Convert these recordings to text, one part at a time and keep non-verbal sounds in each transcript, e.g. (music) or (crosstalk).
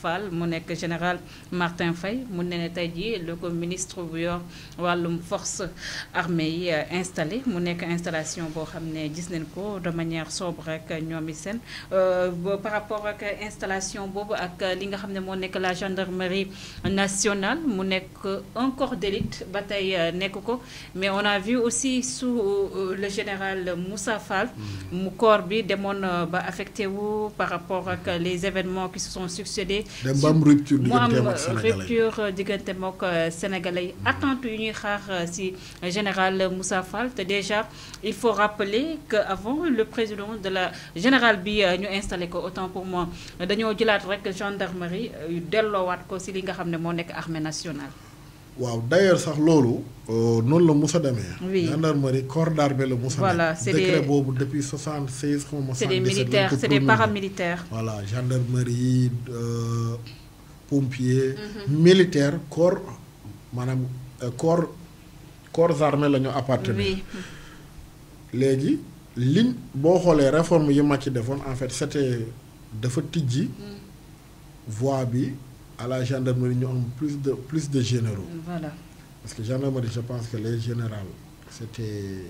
Fall mu général Martin Fay, le ministre de la force armée euh, installé mu Disney, installation de manière sobre avec euh, par rapport à l'installation, de la gendarmerie nationale mu encore un corps d'élite euh, mais on a vu aussi sous le général Moussa Fall mon mm-hmm. corps bi affecté par rapport à les événements qui se sont succédés de la am rupture du mok sénégalais euh, attente yu ñuy xaar euh, si euh, général Moussa Fall déjà il faut rappeler que avant le président de la général bi ñu installé ko autant pour moi dañoo jëlaat rek gendarmerie delloowaat ko si li nga xamné mo nek armée nationale waaw d'ailleurs sax loolu euh, noonu la musa demee gendarmerie corps d'armée la musa voilà c'est décret boobu depuis 76 xaw ma c'est des militaires c'est des paramilitaires voilà gendarmerie euh, pompier mhm. militaire corps maanaam euh, corps corps armés la ñu appartenir léegi liñ boo xoolee réforme yi ci defoon en fait c'était dafa tijji mhm. voie bi à la gendarmerie nous avons plus de plus de généraux. voilà parce que gendarmerie je pense que les généraux c'était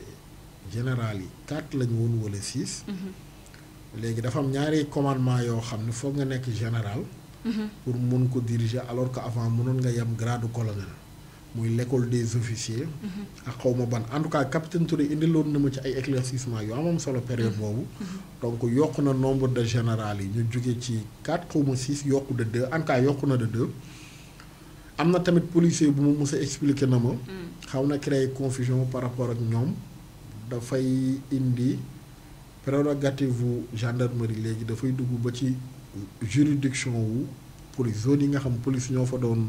général 4 quatre la ñu ou les six. Mhm. léegi dafa am ñaari commandement ne nga que général. Mhm. pour mon ko diriger alors qu'avant avant y nga un grade colonel moy l'école des officiers. Mhm. ak xaw ban en tout cas capitaine Touré indi indiloon na ma ci ay éclaircissement yu amam solo période mhm. bobu mhm. donc yokk na nombre de général yi ñu jóge ci 4 xaw 6 yokku de 2 en tout cas yokku na de 2. amna tamit policier bu ma mës a na ma. Mm. xaw créer confusion par rapport ak ñom da fay indi prérogative wu gendarmerie léegi dafay dugg ba ci juridiction wu pour zone yi nga xam police ñoo fa doon.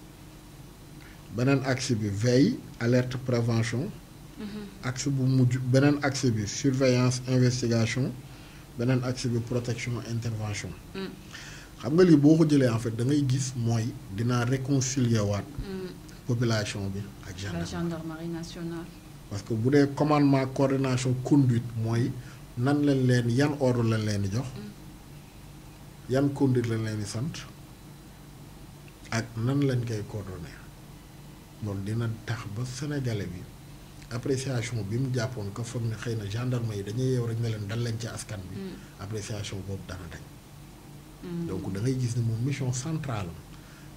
beneen axe bi veille alerte prévention. Mhm. axe bu mujj beneen axe bi surveillance investigation beneen axe bi protection intervention. Mm. xam nga lii boo ko jëlee en fait da ngay gis mooy dinaa réconcilier waat. Mm. population bi ak gendarmerie. nationale. parce que bu dee commandement coordination conduite mooy nan lañ leen yan ordre lañ leen di jox. Mm. yan conduite lañ leen di sant ak nan lañ koy coordonner loolu dina tax ba sénégalais bi appréciation bi mu jàppoon ko foog ne xëy na gendarme yi dañuy yeew rek ne leen dal leen ci askan bi mm. appréciation boobu dana dañ mm. donc da ngay gis ne moom mission centrale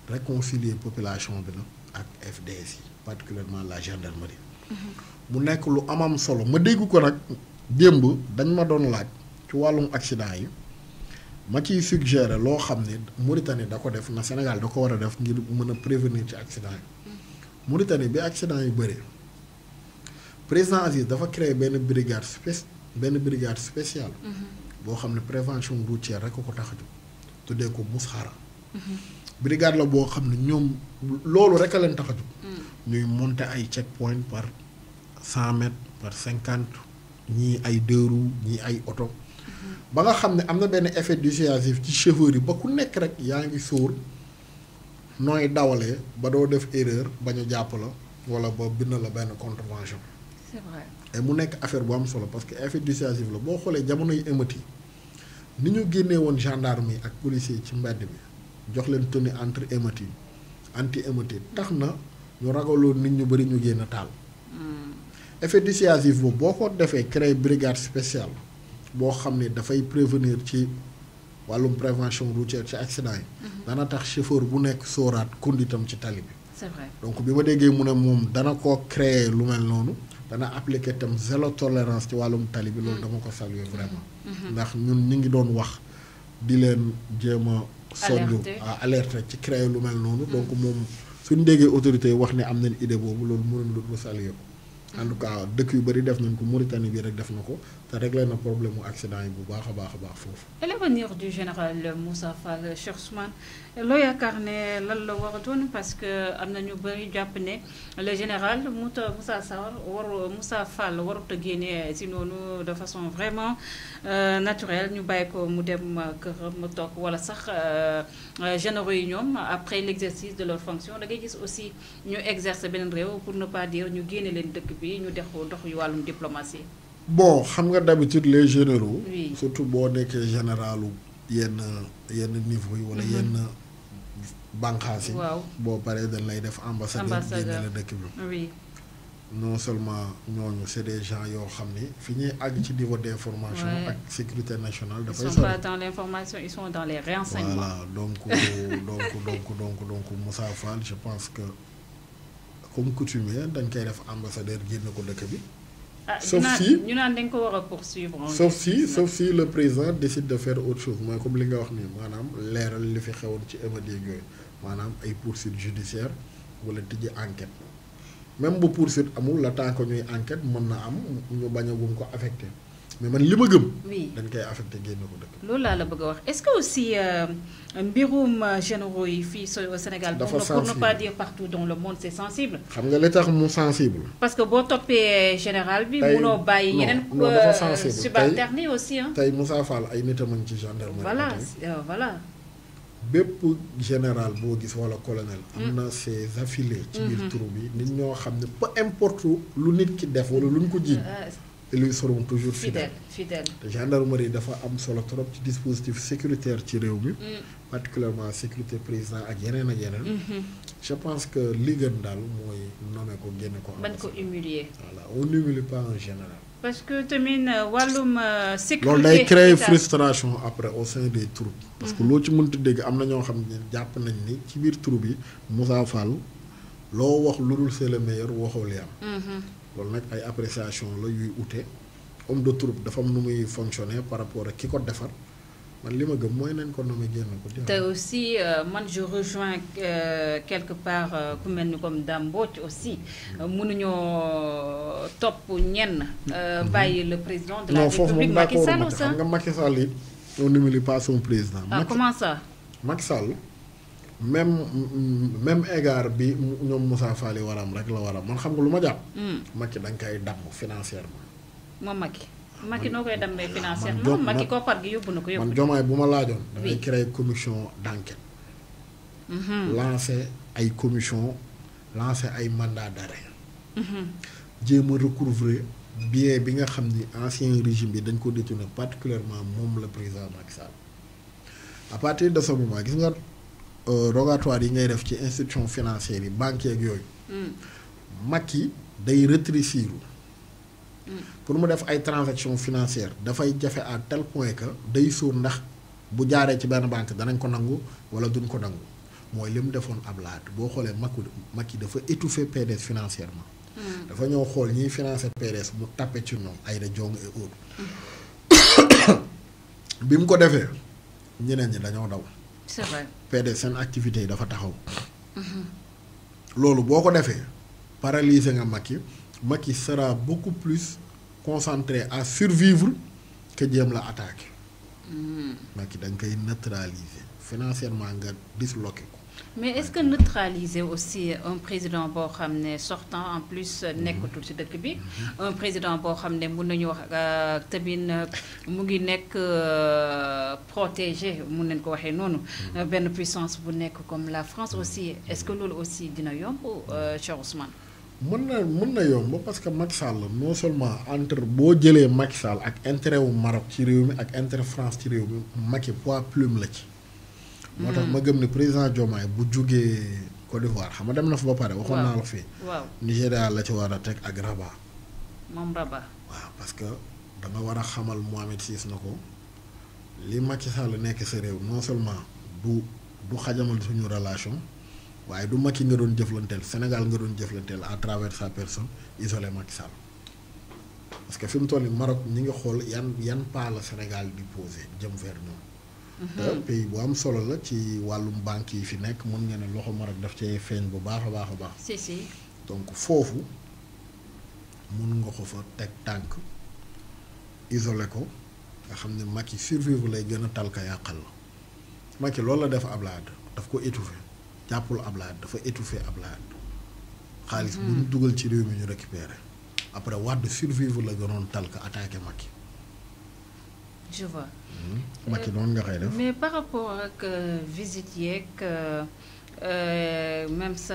réconcilier population bi la ak FDS yi particulièrement la gendarmerie mm-hmm. mu nekk lu amam solo ma dégg ko nag démb dañ ma doon laaj ci wàllum accident yi ma ciy suggérer loo xam ne Mauritanie da ko def na Sénégal da ko war a def ngir mën a prévenir ci accident yi mm. Mauritanie bi accident yu bëri président Aziz dafa créer benn brigade spéc benn brigade spéciale. Mm-hmm. boo xam ne prévention routière rek ko tax tuddee ko Moussara. Mm-hmm. brigade la boo xam ne ñoom loolu rek a leen tax a jóg mm. ñuy monter ay check point par cent mètres par cinquante ñii ay deux ñii ay oto. Mm-hmm. ba nga xam ne am na benn effet dissuasif ci chauffeur yi ba ku nekk rek yaa ngi sóor. nooy dawalee ba doo def erreur ba ñu jàpp la wala ba bind la benn contravention. c'est mu nekk affaire bu am solo parce que effet dissuasif la boo xoolee jamonoy émeutes yi ni ñu génnee woon gendarme yi ak policiers ci mbedd bi jox leen tenue entre émeutes yi anti émeutes yi tax na ñu ragaloon nit ñu bëri ñu génn taal. Mm. effet dissuasif boobu boo ko defee créer brigade spéciale boo xam ne dafay prévenir ci. la prévention routière l'accident, il mhm. dana tax chauffeur bu est c'est vrai donc si vous avez dana ko créer lu mel dana appliquer zéro tolérance ci wàllum tali bi vous mhm. dama ko saluer vraiment. Mhm. ndax ñun alerte créer lu mel donc si autorité wax am nañ idée saluer en tout cas dëkk yu bëri def nañ ko Mauritanie bi rek def na ko te réglé na problème mu accident yi bu baax a baax a baax foofu. et l'avenir du général Moussa Fall Cheikh Ousmane loo yaakaar ne lan la war a doon parce que am na ñu bëri jàpp ne le général Mouta Moussa Sar war Moussa Fall warut a génne si noonu de façon vraiment euh, naturelle ñu bàyyi ko mu dem këram mu toog wala sax euh, euh, généraux yi ñoom après l'exercice de leur fonction da ngay gis aussi ñu exercer beneen réew pour ne pas dire ñu génne leen dëkk bi ñu diplomatie. bon xam nga d'habitude les généraux. surtout boo nekkee généraux yenn yenn niveau yi wala mhm. yenn bànqaas Bo paré dañ lay def ambassadeur. de la dëkk non seulement ñooñu c'est des gens yo xam ni fi ñuy àgg ci niveau d'information. ak sécurité nationale dafay. ils sont pas dans l'information ils sont dans les renseignements. voilà donc (laughs) donc donc donc donc Moussa Fall je pense que comme coutumier dañ koy ambassadeur sauf si poursuivre. sauf si sauf si le président décide de faire autre chose mooy comme li nga wax nii maanaam li fi ci ay poursuites judiciaires wala enquête même bu poursuite amul temps que enquête mën am mais man li ma gëm. dañ koy affecté génn ko dëkk. loolu laa la bëgg a wax est-ce que aussi euh, mbirum euh, généraux yi fii Sénégal. dafa sensible pour ne pas dire partout dans le monde c'est sensible. xam nga li tax mu sensible. parce que boo toppee euh, général bi. tey munoo bàyyi yeneen. non dafa sensible subalterne yi aussi ah. tey Moussa Fall ay nit a mën ci gendarmerie. voilà voilà. bépp général boo gis wala colonel. am hmm. na ses affiliés. ci biir hmm, hmm. turu bi nit ñoo xam ne peu importe lu nit ki def wala luñ ko jiiñ lui seront toujours fidèles fidèles gendarmerie trop dispositif sécuritaire mm. particulièrement sécurité président mm-hmm. je pense que les gens ne sont pas. on n'humilie pas en général parce que euh, euh, sécurité frustration après au sein des troupes parce que mm-hmm. les ci loo wax lu dul c'est le meilleur waxoo li am. Mhm. loolu nag ay appréciation la yuy ute homme de troupe dafa am nu muy fonctionner par rapport ak ki ko defar man li ma gëm mooy nañ ko nommé génn ko. te aussi euh, man je rejoins euh, quelque part euh, ku mel ni comme Dame aussi mm. mënuñoo topp ñenn. Mm-hmm. bàyyi le président de la République Macky Sall. non foofu moom d' accord nga Macky Sall it. on n'humilie pas son président. ah comment ça. Macky Sall même même égard bi ñom Moussa rek la man xam nga hmm. financièrement. financièrement créer commission d'enquête. Mm-hmm. lancer ay commission lancer ay mandat d'arrêt. Mm-hmm. recouvrer bien bi nga régime bi dañ ko particulièrement moom président à partir de ce moment euh, rogatoire yi ngay def ci institution financière yi banque ak yooyu. Hmm. Macky hmm. pour mu def transactions financières dafay jafe à tel point que day suur ndax bu jaaree ci benn banque danañ ko nangu wala duñ ko nangu li mu defoon les Macky dafa PDS financièrement. Hmm. dafa ñëw xool financer PDS ci et autres. (coughs) ko c'est vrai PDS activité activités yi dafa taxaw. Mhm. loolu boo ko defee paralyser nga Macky Macky sera beaucoup plus concentré à survivre que jéem la attaquer. Mhm. Macky da est koy neutraliser financièrement nga disloqué mais est-ce que neutraliser aussi un président boo sortant en plus nekkatul ci dëkk bi mhm. un président boo xam ne mun nañu wax euh, tamit mu ngi euh, protégé mun nañ ko waxe noonu ben puissance bu nekk comme la France aussi mhm. est-ce que loolu aussi dina yomb cher Ousmane mën na mën na yomb parce que Macky Sall non seulement entre bo jélé Macky Sall ak intérêt wu Maroc ci réew ak intérêt France ci réew mi Macky poids plume la ci moo tax ma gëm ne président Diomaye bu jugee Côte d'Ivoire xam nga dem na fa ba pare. waxoon naa la fi. waaw Nigéria la ci war a teg ak Rabat. moom Rabat. waaw parce que da nga war a xamal Mohamed Sis na ko li Macky Sall nekk sa réew non seulement du du xajamal suñu relation waaye du Macky nga doon jëflanteel Sénégal nga doon jëflanteel à travers sa personne isolé Macky Sall. parce que fi mu toll Maroc ñi ngi xool yan yan pas la Sénégal di posé jëm vers ñoom. te pays bu am solo la ci wàllum bànk yi fi nekk mën nga ne loxo Maroc daf cee feeñ bu baax a baax a baax. si donc foofu mën nga ko fa teg tànk isolé ko nga xam ne Macky survivre lay gën a tal ka yàqal la Macky loolu la def Ablaye daf ko étouffé jàppul Ablaye dafa étouffé Ablaye xaalis bu hmm. dugal ci réew mi ñu récupéré après Wade survivre la gënoon tal ka attaqué Macky. Je vois. Mhm. Euh, mais par rapport à la visite, euh, euh, même ça,